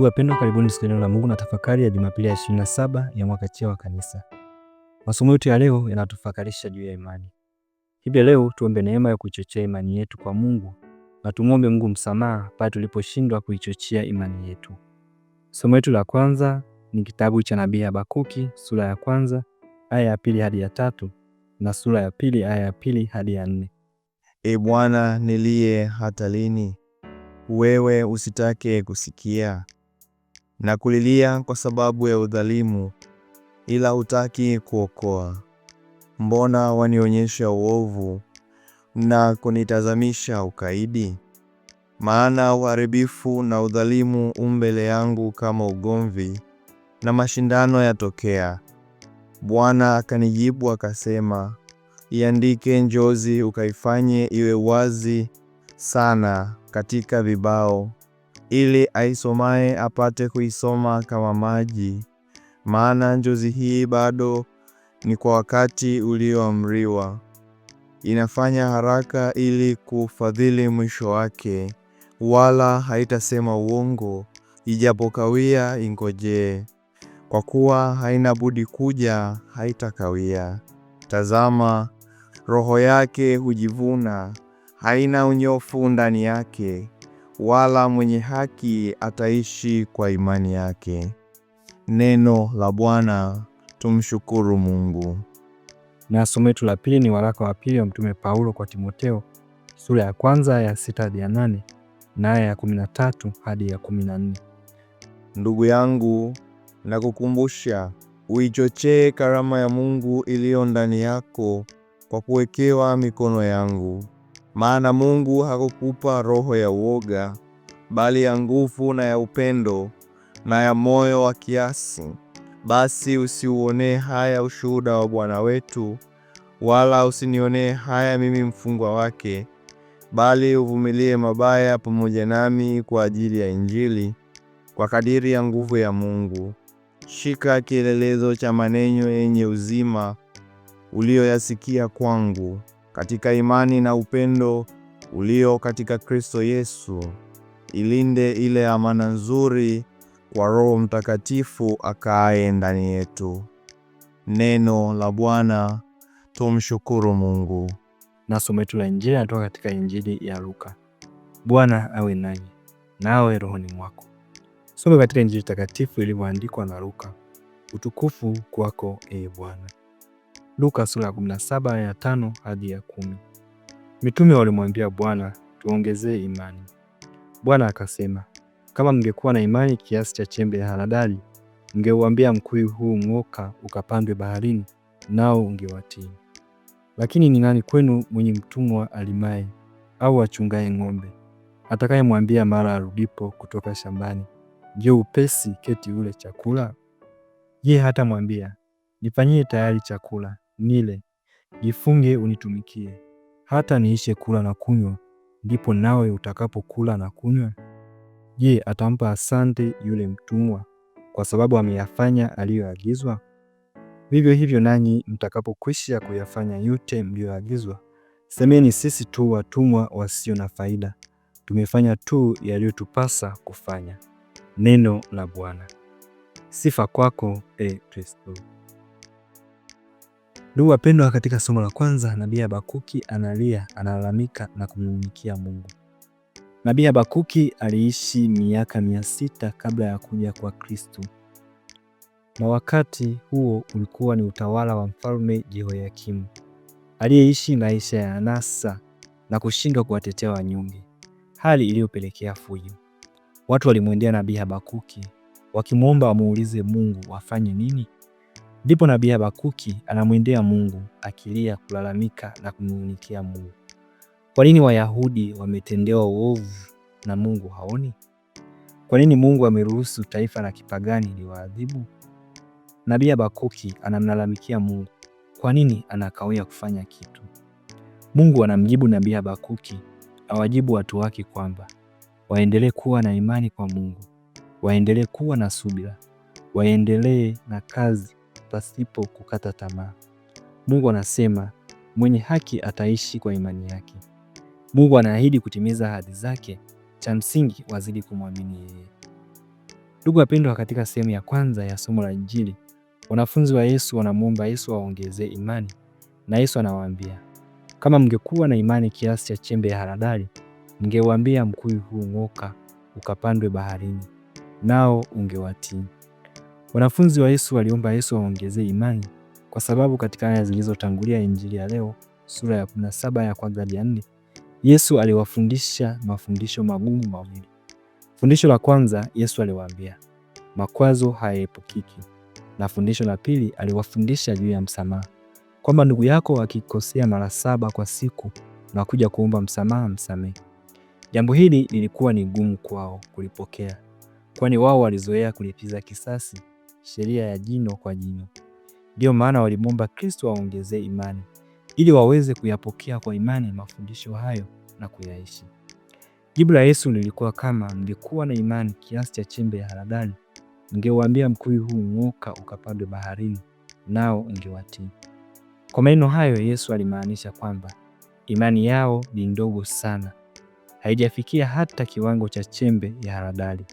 Ndugu wapendwa, karibuni neno la Mungu na tafakari ya Jumapili ya 27 ya mwaka C wa Kanisa. Masomo yetu ya leo yanatufakarisha juu ya imani. Hivyo leo tuombe neema ya kuichochea imani yetu kwa Mungu na tumwombe Mungu msamaha pale tuliposhindwa kuichochea imani yetu. Somo letu la kwanza ni kitabu cha nabii Habakuki sura ya kwanza aya ya pili hadi ya tatu na sura ya pili aya ya pili hadi ya nne. E Bwana, nilie hata lini? Wewe usitake kusikia na kulilia kwa sababu ya udhalimu, ila hutaki kuokoa. Mbona wanionyesha uovu na kunitazamisha ukaidi? Maana uharibifu na udhalimu u mbele yangu kama ugomvi, na mashindano yatokea. Bwana akanijibu akasema, iandike njozi, ukaifanye iwe wazi sana katika vibao, ili aisomaye apate kuisoma kama maji, maana njozi hii bado ni kwa wakati ulioamriwa, inafanya haraka ili kufadhili mwisho wake, wala haitasema uongo; ijapokawia ingojee, kwa kuwa haina budi kuja, haitakawia. Tazama, roho yake hujivuna, haina unyofu ndani yake wala mwenye haki ataishi kwa imani yake. Neno la Bwana. Tumshukuru Mungu. Na somo letu la pili ni waraka wa pili wa Mtume Paulo kwa Timoteo sura ya kwanza ya sita hadi ya nane na aya ya kumi na tatu hadi ya kumi na nne. Ndugu yangu, nakukumbusha uichochee karama ya Mungu iliyo ndani yako kwa kuwekewa mikono yangu. Maana Mungu hakukupa roho ya uoga, bali ya nguvu na ya upendo na ya moyo wa kiasi. Basi usiuonee haya ushuhuda wa Bwana wetu, wala usinionee haya mimi mfungwa wake, bali uvumilie mabaya pamoja nami kwa ajili ya Injili, kwa kadiri ya nguvu ya Mungu. Shika kielelezo cha maneno yenye uzima uliyoyasikia kwangu katika imani na upendo ulio katika Kristo Yesu. Ilinde ile amana nzuri kwa Roho Mtakatifu akaaye ndani yetu. Neno la Bwana. Tumshukuru Mungu. Na somo letu la Injili natoka katika Injili ya Luka. Bwana awe nanyi nawe rohoni mwako. Somo katika Injili takatifu ilivyoandikwa na Luka. Utukufu kwako, ee Bwana. Luka sura ya 17 aya ya tano hadi ya kumi. Mitume walimwambia Bwana, tuongezee imani. Bwana akasema, kama mngekuwa na imani kiasi cha chembe ya haradali, mngeuambia mkuyu huu ng'oka, ukapandwe baharini, nao ungewatii. Lakini ni nani kwenu mwenye mtumwa alimaye au achungaye ng'ombe, atakayemwambia mara arudipo kutoka shambani, je, upesi keti ule chakula? Je, hata mwambia nifanyie tayari chakula, nile, jifunge unitumikie, hata niishe kula na kunywa, ndipo nawe utakapokula na kunywa? Je, atampa asante yule mtumwa kwa sababu ameyafanya aliyoagizwa? Vivyo hivyo nanyi mtakapokwisha kuyafanya yote mliyoagizwa, semeni, sisi tu watumwa wasio na faida, tumefanya tu yaliyotupasa kufanya. Neno la Bwana. Sifa kwako, e Kristo. Ndugu wapendwa, katika somo la kwanza, nabii Habakuki analia, analalamika na kumnung'unikia Mungu. Nabii Habakuki aliishi miaka mia sita kabla ya kuja kwa kristu na wakati huo ulikuwa ni utawala wa mfalme Jehoyakimu aliyeishi maisha ya anasa na kushindwa kuwatetea wanyonge, hali iliyopelekea fujo. Watu walimwendea nabii Habakuki wakimwomba wamuulize Mungu wafanye nini. Ndipo nabii Habakuki anamwendea Mungu akilia, kulalamika na kumnung'unikia Mungu. Kwa nini Wayahudi wametendewa uovu na Mungu haoni? Kwa nini Mungu ameruhusu taifa la kipagani liwaadhibu? Nabii Habakuki anamlalamikia Mungu. Kwa nini anakawia kufanya kitu? Mungu anamjibu nabii Habakuki awajibu watu wake kwamba waendelee kuwa na imani kwa Mungu, waendelee kuwa na subira, waendelee na kazi pasipo kukata tamaa. Mungu anasema mwenye haki ataishi kwa imani yake. Mungu anaahidi kutimiza ahadi zake, cha msingi wazidi kumwamini yeye. Ndugu wapendwa, katika sehemu ya kwanza ya somo la Injili, wanafunzi wa Yesu wanamwomba Yesu waongezee imani, na Yesu anawaambia kama mngekuwa na imani kiasi cha chembe ya haradali, mngeuambia mkuyu huu ng'oka ukapandwe baharini, nao ungewatii. Wanafunzi wa Yesu waliomba Yesu waongezee imani, kwa sababu katika aya zilizotangulia Injili ya leo sura ya 17 ya kwanza hadi ya nne, Yesu aliwafundisha mafundisho magumu mawili. Fundisho la kwanza, Yesu aliwaambia makwazo hayaepukiki, na fundisho la pili aliwafundisha juu ya msamaha, kwamba ndugu yako akikosea mara saba kwa siku na kuja kuomba msamaha, msamehe. Jambo hili lilikuwa ni gumu kwao kulipokea, kwani wao walizoea kulipiza kisasi sheria ya jino kwa jino. Ndiyo maana walimwomba Kristo waongezee imani ili waweze kuyapokea kwa imani mafundisho hayo na kuyaishi. Jibu la Yesu lilikuwa kama mlikuwa na imani kiasi cha chembe ya haradali, mngeuambia mkuyi huu ng'oka ukapandwe baharini, nao ungewatii. Kwa maneno hayo Yesu alimaanisha kwamba imani yao ni ndogo sana, haijafikia hata kiwango cha chembe ya haradali.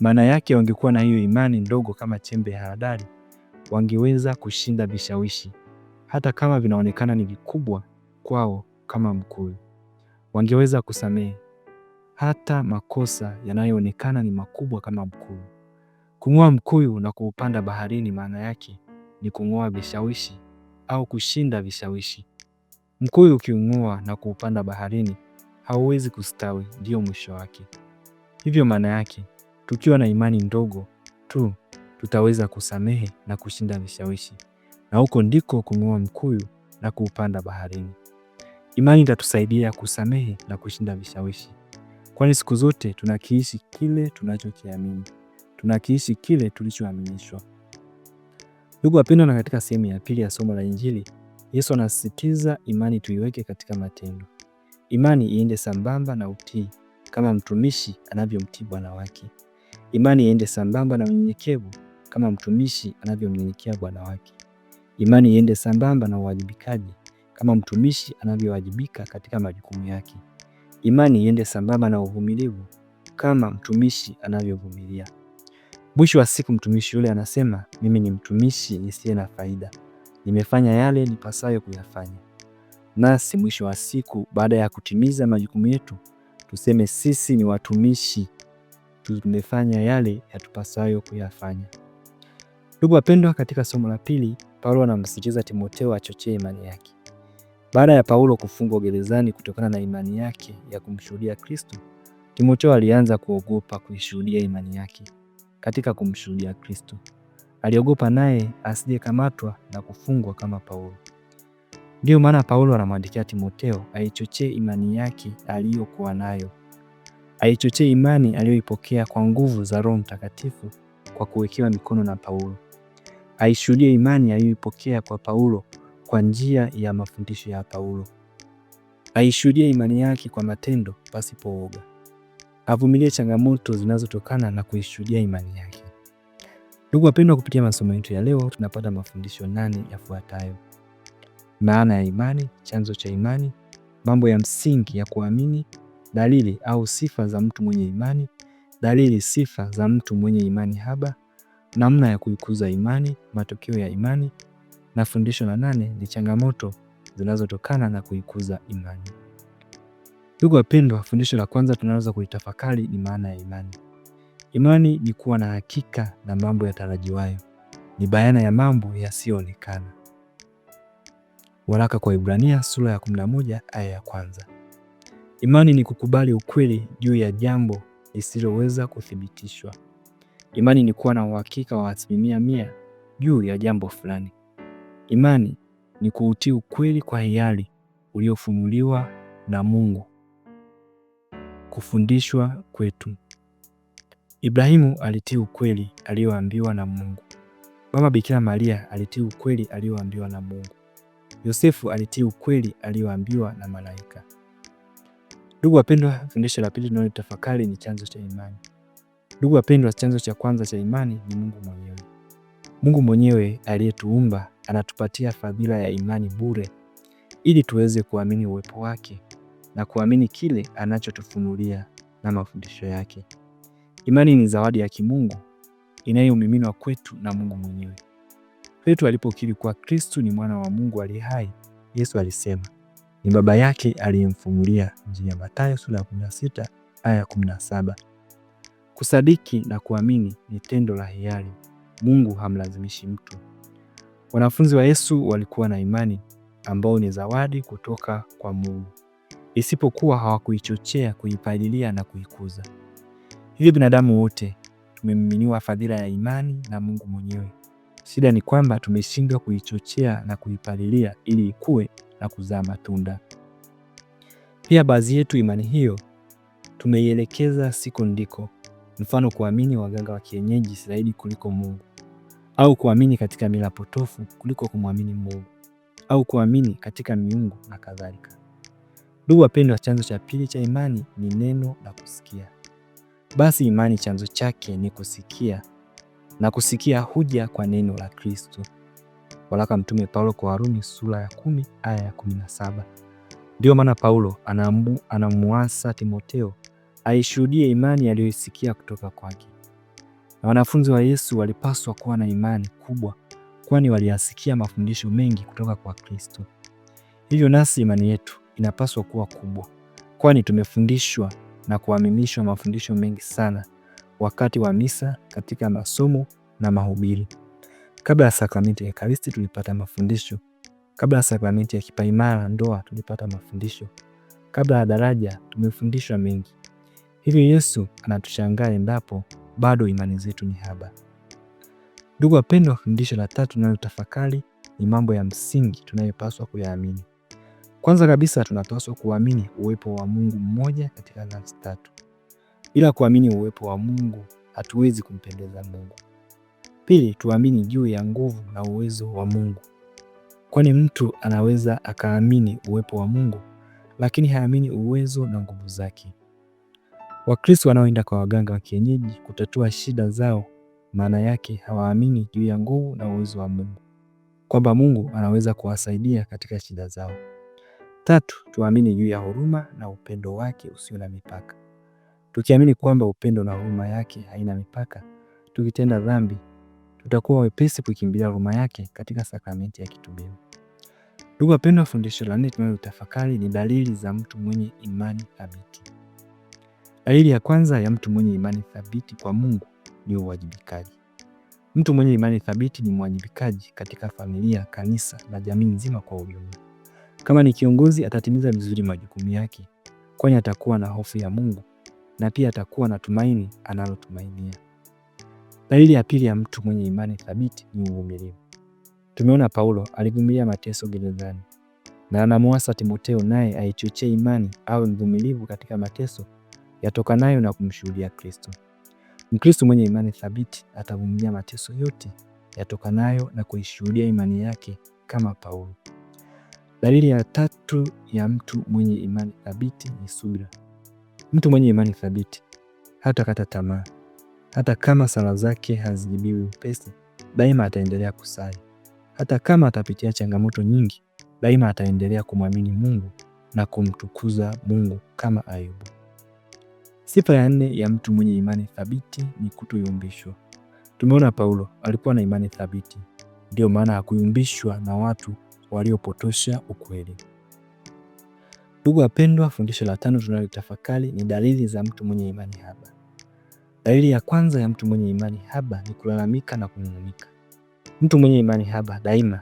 Maana yake wangekuwa na hiyo imani ndogo kama chembe ya haradali, wangeweza kushinda vishawishi, hata kama vinaonekana ni vikubwa kwao kama mkuyu. Wangeweza kusamehe hata makosa yanayoonekana ni makubwa kama mkuyu. Kung'oa mkuyu na kuupanda baharini, maana yake ni kung'oa vishawishi au kushinda vishawishi. Mkuyu ukiung'oa na kuupanda baharini, hauwezi kustawi, ndio mwisho wake. Hivyo maana yake Tukiwa na imani ndogo tu tutaweza kusamehe na kushinda vishawishi, na huko ndiko kumng'oa mkuyu na kuupanda baharini. Imani itatusaidia kusamehe na kushinda vishawishi, kwani siku zote tunakiishi kile tunachokiamini, tunakiishi kile tulichoaminishwa. Ndugu wapendwa, na katika sehemu ya pili ya somo la Injili, Yesu anasisitiza imani tuiweke katika matendo. Imani iende sambamba na utii, kama mtumishi anavyomtii bwana wake. Imani iende sambamba na unyenyekevu kama mtumishi anavyomnyenyekea bwana wake. Imani iende sambamba na uwajibikaji kama mtumishi anavyowajibika katika majukumu yake. Imani iende sambamba na uvumilivu kama mtumishi anavyovumilia. Mwisho wa siku, mtumishi yule anasema, mimi ni mtumishi nisiye na faida, nimefanya yale nipasayo kuyafanya. Nasi mwisho wa siku, baada ya kutimiza majukumu yetu, tuseme sisi ni watumishi tumefanya yale yatupasayo kuyafanya. Ndugu wapendwa, katika somo la pili Paulo anamsisitiza Timotheo achochee imani yake. Baada ya Paulo kufungwa gerezani kutokana na imani yake ya kumshuhudia Kristo, Timotheo alianza kuogopa kuishuhudia imani yake katika kumshuhudia Kristo. Aliogopa naye asijekamatwa na kufungwa kama Paulo. Ndiyo maana Paulo anamwandikia Timotheo aichochee imani yake aliyokuwa nayo aichochee imani aliyoipokea kwa nguvu za Roho Mtakatifu kwa kuwekewa mikono na Paulo, aishuhudie imani aliyoipokea kwa Paulo kwa njia ya mafundisho ya Paulo, aishuhudie imani yake kwa matendo pasipo uoga, avumilie changamoto zinazotokana na kuishuhudia imani yake. Ndugu wapendwa, kupitia masomo yetu ya leo tunapata mafundisho nane yafuatayo: maana ya imani, chanzo cha imani, mambo ya msingi ya kuamini, dalili au sifa za mtu mwenye imani, dalili sifa za mtu mwenye imani haba, namna ya kuikuza imani, matokeo ya imani, na fundisho la nane ni changamoto zinazotokana na kuikuza imani. Ndugu wapendwa, fundisho la kwanza tunaweza kuitafakari ni maana ya imani. Imani ni kuwa na hakika na mambo yatarajiwayo, ni bayana ya mambo yasiyoonekana. Waraka kwa Ibrania sura ya 11 aya ya kwanza. Imani ni kukubali ukweli juu ya jambo lisiloweza kuthibitishwa. Imani ni kuwa na uhakika wa asilimia mia juu ya jambo fulani. Imani ni kuutii ukweli kwa hiari uliofunuliwa na Mungu. Kufundishwa kwetu. Ibrahimu alitii ukweli aliyoambiwa na Mungu. Mama Bikira Maria alitii ukweli aliyoambiwa na Mungu. Yosefu alitii ukweli aliyoambiwa na malaika. Ndugu wapendwa, fundisho la pili tunalotafakari ni chanzo cha imani. Ndugu wapendwa, chanzo cha kwanza cha imani ni Mungu mwenyewe. Mungu mwenyewe aliyetuumba anatupatia fadhila ya imani bure ili tuweze kuamini uwepo wake na kuamini kile anachotufunulia na mafundisho yake. Imani ni zawadi ya kimungu inayomiminwa kwetu na Mungu mwenyewe. Petro alipokiri kuwa Kristu ni mwana wa Mungu aliye hai, Yesu alisema ni baba yake aliyemfungulia njia. Mathayo sura ya 16 aya ya 17. Kusadiki na kuamini ni tendo la hiari. Mungu hamlazimishi mtu. Wanafunzi wa Yesu walikuwa na imani ambao ni zawadi kutoka kwa Mungu, isipokuwa hawakuichochea, kuipalilia na kuikuza. Hivyo binadamu wote tumemiminiwa fadhila ya imani na Mungu mwenyewe. Shida ni kwamba tumeshindwa kuichochea na kuipalilia ili ikue na kuzaa matunda. Pia baadhi yetu imani hiyo tumeielekeza siko ndiko, mfano kuamini waganga wa kienyeji zaidi kuliko Mungu, au kuamini katika mila potofu kuliko kumwamini Mungu, au kuamini katika miungu na kadhalika. Ndugu wapendwa, chanzo cha pili cha imani ni neno la kusikia. Basi imani chanzo chake ni kusikia na kusikia huja kwa neno la Kristo. Waraka Mtume Paulo kwa Warumi sura ya kumi aya ya kumi na saba. Ndiyo maana Paulo anamuasa Timoteo aishuhudie imani aliyoisikia kutoka kwake, na wanafunzi wa Yesu walipaswa kuwa na imani kubwa, kwani waliyasikia mafundisho mengi kutoka kwa Kristo. Hivyo nasi imani yetu inapaswa kuwa kubwa, kwani tumefundishwa na kuaminishwa mafundisho mengi sana wakati wa misa, katika masomo na mahubiri. Kabla ya sakramenti ya Ekaristi tulipata mafundisho. Kabla ya sakramenti ya kipaimara, ndoa, tulipata mafundisho. Kabla ya daraja tumefundishwa mengi, hivyo Yesu anatushangaa endapo bado imani zetu ni haba. Ndugu wapendwa, fundisho la tatu tunalotafakari ni mambo ya msingi tunayopaswa kuyaamini. Kwanza kabisa tunapaswa kuamini uwepo wa Mungu mmoja katika nafsi tatu. Bila kuamini uwepo wa Mungu hatuwezi kumpendeza Mungu. Pili, tuamini juu ya nguvu na uwezo wa Mungu, kwani mtu anaweza akaamini uwepo wa Mungu lakini haamini uwezo na nguvu zake. Wakristo wanaoenda kwa waganga wa kienyeji kutatua shida zao, maana yake hawaamini juu ya nguvu na uwezo wa Mungu, kwamba Mungu anaweza kuwasaidia katika shida zao. Tatu, tuamini juu ya huruma na upendo wake usio na mipaka tukiamini kwamba upendo na huruma yake haina mipaka, tukitenda dhambi tutakuwa wepesi kuikimbilia huruma yake katika sakramenti ya kitubio. Ndugu wapendwa, fundisho la nne tunalotafakari ni dalili za mtu mwenye imani thabiti. Dalili ya kwanza ya mtu mwenye imani thabiti kwa Mungu ni uwajibikaji. Mtu mwenye imani thabiti ni mwajibikaji katika familia, kanisa na jamii nzima kwa ujumla. Kama ni kiongozi, atatimiza vizuri majukumu yake, kwani atakuwa na hofu ya Mungu na pia atakuwa na tumaini analotumainia. Dalili ya pili ya mtu mwenye imani thabiti ni uvumilivu. Tumeona Paulo alivumilia mateso gerezani, na anamuasa timoteo naye aichochee imani, awe mvumilivu katika mateso yatokanayo na kumshuhudia Kristo. Mkristo mwenye imani thabiti atavumilia mateso yote yatokanayo na kuishuhudia imani yake kama Paulo. Dalili ya tatu ya mtu mwenye imani thabiti ni subira. Mtu mwenye imani thabiti hata kata tamaa, hata kama sala zake hazijibiwi upesi, daima ataendelea kusali. Hata kama atapitia changamoto nyingi, daima ataendelea kumwamini Mungu na kumtukuza Mungu kama Ayubu. Sifa ya nne ya mtu mwenye imani thabiti ni kutoyumbishwa. Tumeona Paulo alikuwa na imani thabiti, ndiyo maana hakuyumbishwa na watu waliopotosha ukweli. Ndugu wapendwa, fundisho la tano tunalotafakari ni dalili za mtu mwenye imani haba. Dalili ya kwanza ya mtu mwenye imani haba ni kulalamika na kunung'unika. Mtu mwenye imani haba daima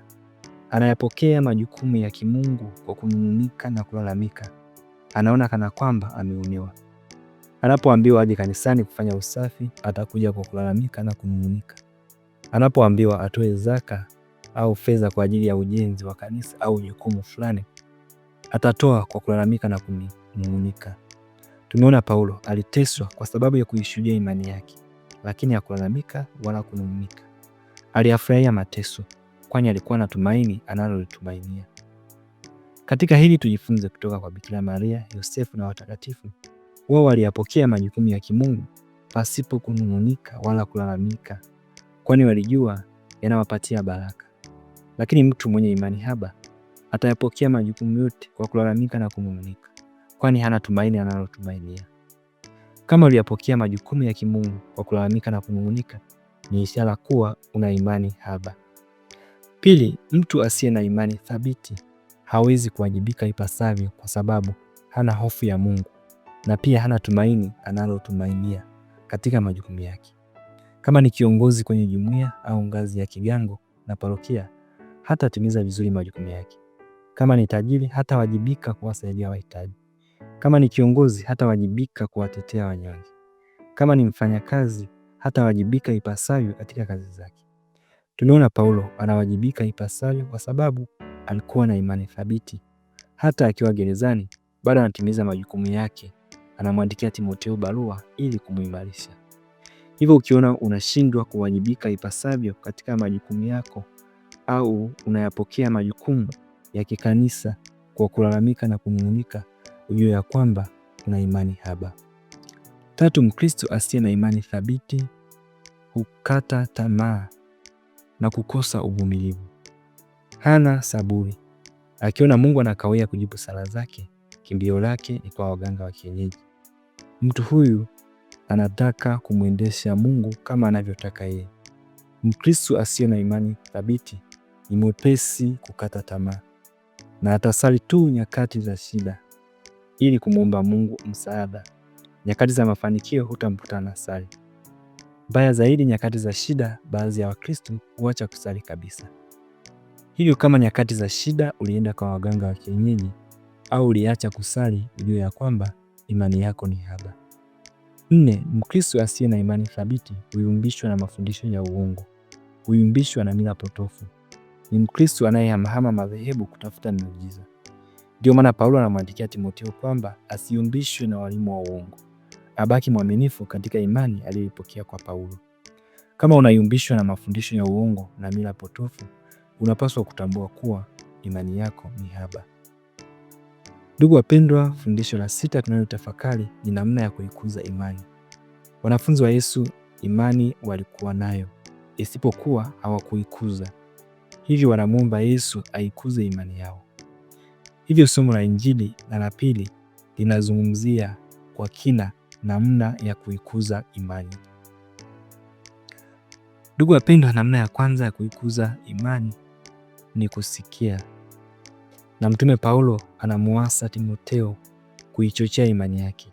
anayapokea majukumu ya kimungu kwa kunung'unika na kulalamika. Anaona kana kwamba ameuniwa. Anapoambiwa aje kanisani kufanya usafi, atakuja kwa kulalamika na kunung'unika. Anapoambiwa atoe zaka au fedha kwa ajili ya ujenzi wa kanisa au jukumu fulani, atatoa kwa kulalamika na kunung'unika. Tumeona Paulo aliteswa kwa sababu ya kuishuhudia imani yake, lakini hakulalamika wala kunung'unika. Aliyafurahia mateso, kwani alikuwa na tumaini analolitumainia. Katika hili tujifunze kutoka kwa Bikira Maria, Yosefu na watakatifu. Wao waliyapokea majukumu ya kimungu pasipo kunung'unika wala kulalamika, kwani walijua yanawapatia baraka. Lakini mtu mwenye imani haba atayapokea majukumu yote kwa kulalamika na kumumunika, kwani hana tumaini analotumainia. Kama uliyapokea majukumu ya kimungu kwa kulalamika na kumumunika, ni ishara kuwa una imani haba. Pili, mtu asiye na imani thabiti hawezi kuwajibika ipasavyo kwa sababu hana hofu ya Mungu na pia hana tumaini analotumainia katika majukumu yake. Kama ni kiongozi kwenye jumuiya au ngazi ya kigango na parokia, hatatimiza vizuri majukumu yake kama ni tajiri, hata wajibika kuwasaidia wahitaji. Kama ni kiongozi, hata wajibika kuwatetea wanyonge. Kama ni mfanyakazi, hata wajibika ipasavyo katika kazi zake. Tuliona Paulo anawajibika ipasavyo kwa sababu alikuwa na imani thabiti. Hata akiwa gerezani bado anatimiza majukumu yake. Anamwandikia Timotheo barua ili kumuimarisha. Hivyo ukiona unashindwa kuwajibika ipasavyo katika majukumu yako au unayapokea majukumu ya kikanisa kwa kulalamika na kunung'unika, ujue ya kwamba kuna imani haba. Tatu, Mkristo asiye na imani thabiti hukata tamaa na kukosa uvumilivu, hana saburi. Akiona Mungu anakawia kujibu sala zake, kimbio lake ni kwa waganga wa kienyeji. Mtu huyu anataka kumwendesha Mungu kama anavyotaka yeye. Mkristo asiye na imani thabiti ni mwepesi kukata tamaa na atasali tu nyakati za shida ili kumwomba Mungu msaada. Nyakati za mafanikio hutamkuta sali. Mbaya zaidi, nyakati za shida, baadhi ya Wakristo huacha kusali kabisa. Hivyo kama nyakati za shida ulienda kwa waganga wa kienyeji au uliacha kusali, ujue ya kwamba imani yako ni haba. Nne, Mkristo asiye na imani thabiti huyumbishwa na mafundisho ya uongo, huyumbishwa na mila potofu, ni Mkristo anayehamahama madhehebu kutafuta miujiza. Ndio maana Paulo anamwandikia Timotheo kwamba asiyumbishwe na walimu wa uongo, abaki mwaminifu katika imani aliyoipokea kwa Paulo. Kama unayumbishwa na mafundisho ya uongo na mila potofu, unapaswa kutambua kuwa imani yako ni haba. Ndugu wapendwa, fundisho la sita tunalotafakari ni namna ya kuikuza imani. Wanafunzi wa Yesu imani walikuwa nayo, isipokuwa hawakuikuza hivyo wanamuomba Yesu aikuze imani yao. Hivyo somo la Injili na la pili linazungumzia kwa kina namna ya kuikuza imani. Ndugu wapendwa, namna ya kwanza ya kuikuza imani ni kusikia, na Mtume Paulo anamuasa timoteo kuichochea imani yake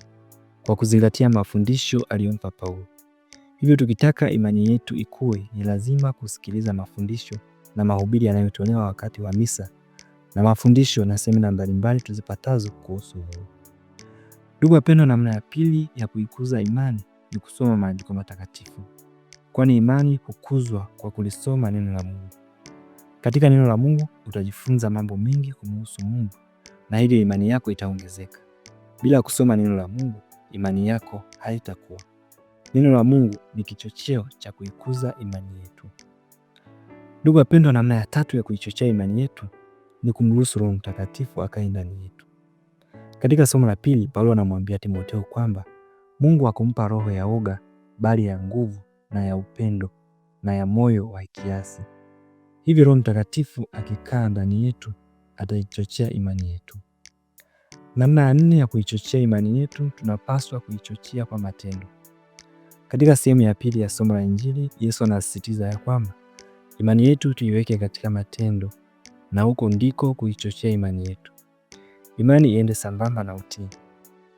kwa kuzingatia mafundisho aliyompa Paulo. Hivyo tukitaka imani yetu ikue, ni lazima kusikiliza mafundisho na mahubiri yanayotolewa wakati wa misa na mafundisho na semina mbalimbali tuzipatazo kuhusu huru. Ndugu wapendwa, namna ya pili ya kuikuza imani ni kusoma maandiko matakatifu, kwani imani hukuzwa kwa kulisoma neno la Mungu. Katika neno la Mungu utajifunza mambo mengi kumhusu Mungu na hili imani yako itaongezeka. Bila kusoma neno la Mungu, imani yako haitakuwa. Neno la Mungu ni kichocheo cha kuikuza imani yetu. Ndugu wapendwa, namna ya tatu ya kuichochea imani yetu ni kumruhusu Roho Mtakatifu akae ndani yetu. Katika somo la pili, Paulo anamwambia Timotheo kwamba Mungu hakumpa roho ya woga, bali ya nguvu na ya upendo na ya moyo wa kiasi. Hivi Roho Mtakatifu akikaa ndani yetu ataichochea imani yetu. Namna ya nne ya kuichochea imani yetu, tunapaswa kuichochea kwa matendo. Katika sehemu ya pili ya somo la Injili, Yesu anasisitiza ya kwamba Imani yetu tuiweke katika matendo, na huko ndiko kuichochea imani yetu. Imani iende sambamba na utii,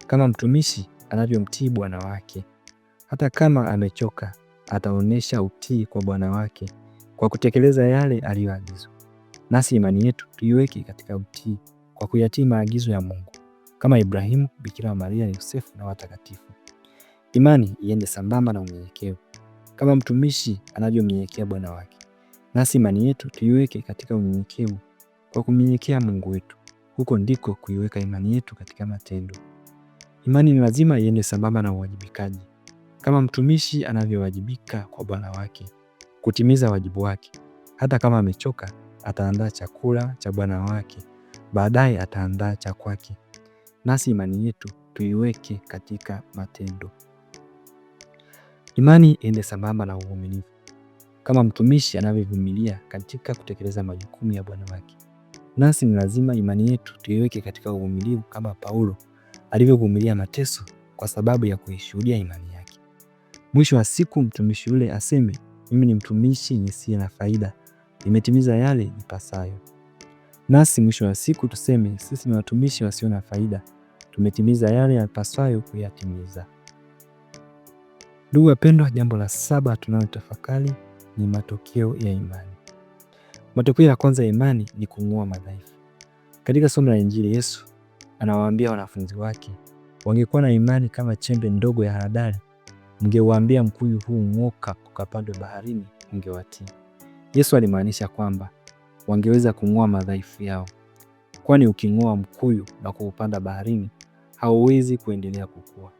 kama mtumishi anavyomtii bwana wake. Hata kama amechoka, ataonyesha utii kwa bwana wake kwa kutekeleza yale aliyoagizwa. Nasi imani yetu tuiweke katika utii kwa kuyatii maagizo ya Mungu kama Ibrahimu, Bikira Maria, Yosefu na watakatifu. Imani iende sambamba na unyenyekevu, kama mtumishi anavyomnyenyekea bwana wake nasi imani yetu tuiweke katika unyenyekevu kwa kumnyenyekea Mungu wetu. Huko ndiko kuiweka imani yetu katika matendo. Imani ni lazima iende sambamba na uwajibikaji, kama mtumishi anavyowajibika kwa bwana wake kutimiza wajibu wake. Hata kama amechoka, ataandaa chakula cha bwana wake, baadaye ataandaa cha kwake. Nasi imani yetu tuiweke katika matendo. Imani iende sambamba na uaminifu kama mtumishi anavyovumilia katika kutekeleza majukumu ya bwana wake. Nasi ni lazima imani yetu tuiweke katika uvumilivu kama Paulo alivyovumilia mateso kwa sababu ya kuishuhudia imani yake. Mwisho wa siku, mtumishi yule aseme, mimi ni mtumishi nisiye na faida, nimetimiza yale nipasayo. Nasi mwisho wa siku tuseme, sisi ni watumishi wasio na faida, tumetimiza yale yapasayo kuyatimiza. Ndugu wapendwa, jambo la saba tunalotafakari ni matokeo ya imani. Matokeo ya kwanza ya imani ni kung'oa madhaifu. Katika somo la Injili, Yesu anawaambia wanafunzi wake, wangekuwa na imani kama chembe ndogo ya haradali, mngewaambia mkuyu huu ng'oka ukapandwe baharini, ungewatii. Yesu alimaanisha kwamba wangeweza kung'oa madhaifu yao, kwani uking'oa mkuyu na kuupanda baharini hauwezi kuendelea kukua.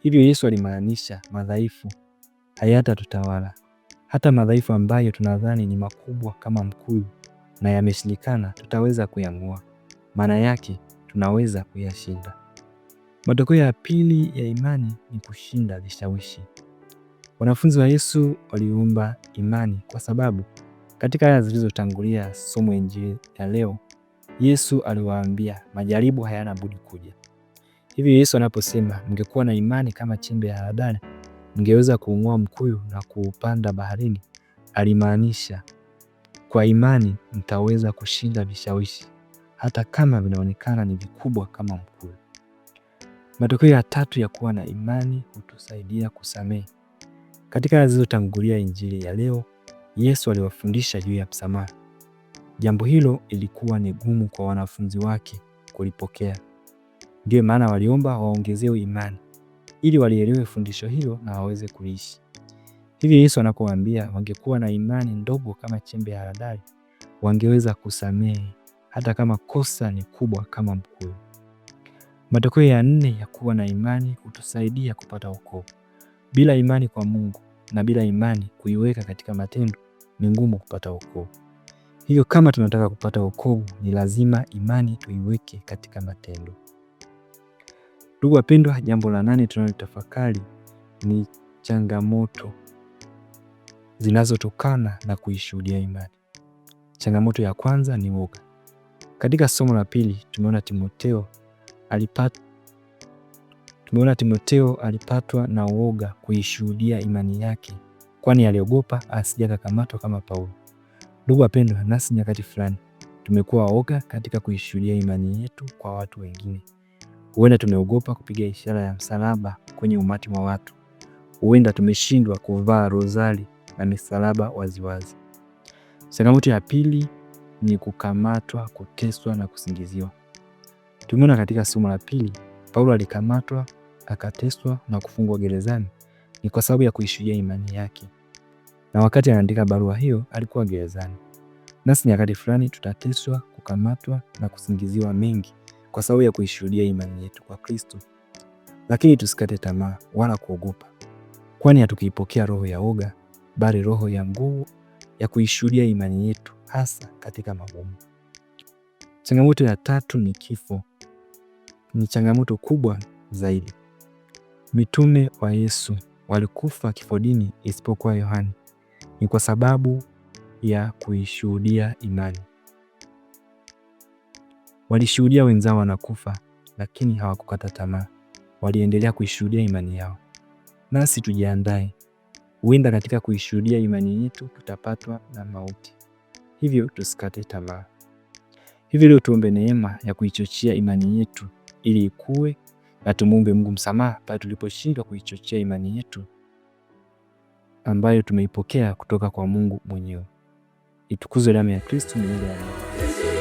Hivyo Yesu alimaanisha madhaifu hayata tutawala, hata madhaifu ambayo tunadhani ni makubwa kama mkuyu na yameshindikana, tutaweza kuyangua Maana yake tunaweza kuyashinda. Matokeo ya pili ya imani ni kushinda vishawishi. Wanafunzi wa Yesu waliumba imani kwa sababu katika aya zilizotangulia somo injili ya leo, Yesu aliwaambia majaribu hayana budi kuja. Hivyo Yesu anaposema mngekuwa na imani kama chembe ya haradali, mngeweza kuung'oa mkuyu na kuupanda baharini, alimaanisha kwa imani mtaweza kushinda vishawishi hata kama vinaonekana ni vikubwa kama mkuyu. Matokeo ya tatu ya kuwa na imani hutusaidia kusamehe. Katika zilizotangulia injili ya leo, Yesu aliwafundisha juu ya msamaha. Jambo hilo ilikuwa ni gumu kwa wanafunzi wake kulipokea, ndiyo maana waliomba waongezewe imani ili walielewe fundisho hilo na waweze kuishi. Hivyo Yesu anapowaambia wangekuwa na imani ndogo kama chembe ya haradali, wangeweza kusamehe hata kama kosa ni kubwa kama mkuyu. Matokeo ya nne ya kuwa na imani hutusaidia kupata wokovu. Bila imani kwa Mungu na bila imani kuiweka katika matendo ni ngumu kupata wokovu. Hivyo kama tunataka kupata wokovu, ni lazima imani tuiweke katika matendo. Ndugu wapendwa, jambo la nane tunalotafakari ni changamoto zinazotokana na kuishuhudia imani. Changamoto ya kwanza ni woga. Katika somo la pili tumeona timoteo alipata tumeona Timotheo alipatwa na uoga kuishuhudia imani yake, kwani aliogopa asijakakamatwa kama Paulo. Ndugu wapendwa, nasi nyakati fulani tumekuwa waoga katika kuishuhudia imani yetu kwa watu wengine. Huenda tumeogopa kupiga ishara ya msalaba kwenye umati wa watu. Huenda tumeshindwa kuvaa rozari na misalaba waziwazi. Changamoto ya pili ni kukamatwa, kuteswa na kusingiziwa. Tumeona katika somo la pili, Paulo alikamatwa, akateswa na kufungwa gerezani ni kwa sababu ya kuishujia imani yake, na wakati anaandika barua hiyo alikuwa gerezani. Nasi nyakati fulani tutateswa, kukamatwa na kusingiziwa mengi kwa sababu ya kuishuhudia imani yetu kwa Kristo. Lakini tusikate tamaa wala kuogopa, kwani hatukuipokea roho ya oga, bali roho ya nguvu ya kuishuhudia imani yetu, hasa katika magumu. Changamoto ya tatu ni kifo. Ni changamoto kubwa zaidi. Mitume wa Yesu walikufa kifodini isipokuwa Yohani. Ni kwa sababu ya kuishuhudia imani. Walishuhudia wenzao wanakufa, lakini hawakukata tamaa, waliendelea kuishuhudia imani yao. Nasi tujiandae, huenda katika kuishuhudia imani yetu tutapatwa na mauti, hivyo tusikate tamaa. Hivi leo tuombe neema ya kuichochea imani yetu ili ikue, na tumuombe Mungu msamaha pale tuliposhindwa kuichochea imani yetu ambayo tumeipokea kutoka kwa Mungu mwenyewe. Itukuzwe damu ya Kristo milele.